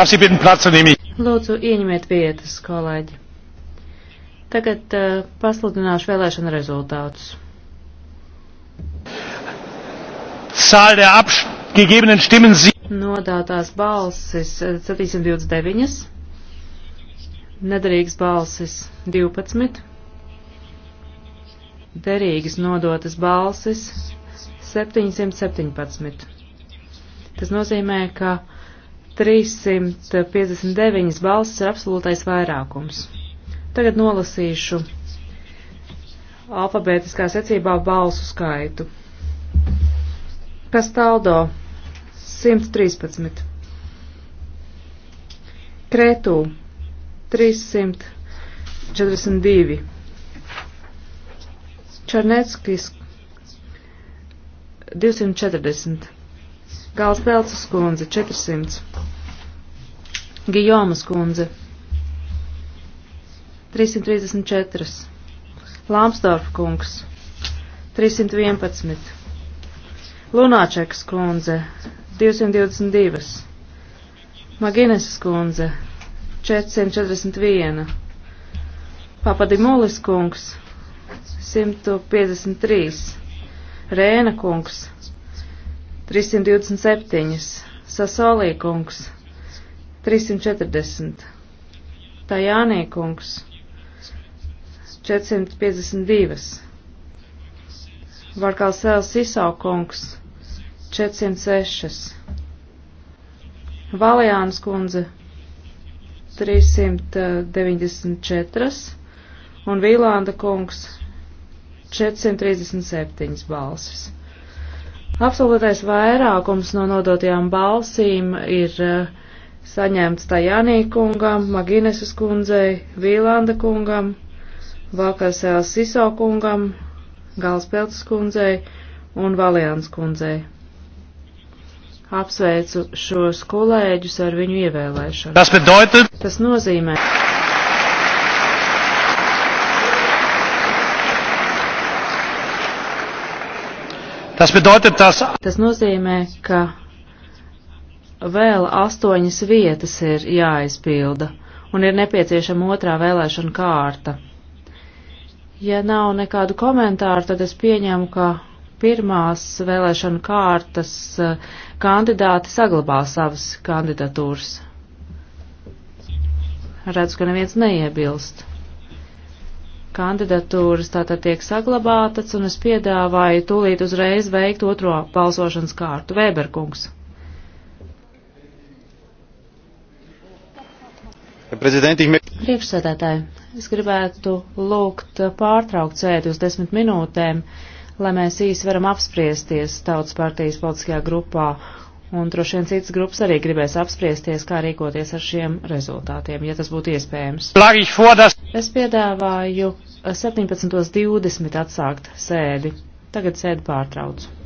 Darf Sie bitten Platz nehmen? Lūdzu, ieņemiet vietas, kolēģi. Tagad uh, pasludināšu vēlēšana rezultātus. Zahl der abgegebenen Stimmen sie. Nodātās balsis 729, uh, nedarīgas balsis 12, derīgas nodotas balsis 717. Tas nozīmē, ka 359 balsis ir absolūtais vairākums. Tagad nolasīšu alfabētiskā secībā balsu skaitu. Kastaldo 113. Kretū 342. Černeckis 240. Galspēlces kundze 400. Gijomas kundze. 334. Lāmsdorf kungs. 311. Lunāčeks kundze. 222. Magineses kundze. 441. Papadimulis kungs. 153. Rēna kungs. 327. Sasolī kungs. 340. Tā Jānīkungs 452. Varkalsēls Isaukungs 406. Valjāns kundze 394 un Vīlanda kungs 437 balsis. Absolūtais vairākums no nodotajām balsīm ir uh, saņemts Tajānī kungam, Maginesas kundzei, Vīlanda kungam, Valkarsēls Siso kungam, Galspēltas kundzei un Valians kundzei. Apsveicu šos kolēģus ar viņu ievēlēšanu. Tas, bedeutet... Tas nozīmē. Tas, bedeutet, tas... tas nozīmē, ka vēl astoņas vietas ir jāaizpilda, un ir nepieciešama otrā vēlēšana kārta. Ja nav nekādu komentāru, tad es pieņemu, ka pirmās vēlēšana kārtas eh, kandidāti saglabā savas kandidatūras. Redz, ka neviens neiebilst. Kandidatūras tātad tiek saglabātas, un es piedāvāju tūlīt uzreiz veikt otro balsošanas kārtu. Vēberkungs. Priekšsēdētāji, es gribētu lūgt pārtraukt sēdi uz desmit minūtēm, lai mēs īsi varam apspriesties tautas partijas politiskajā grupā, un droši vien citas grupas arī gribēs apspriesties, kā rīkoties ar šiem rezultātiem, ja tas būtu iespējams. Es piedāvāju 17.20 atsākt sēdi. Tagad sēdi pārtraucu.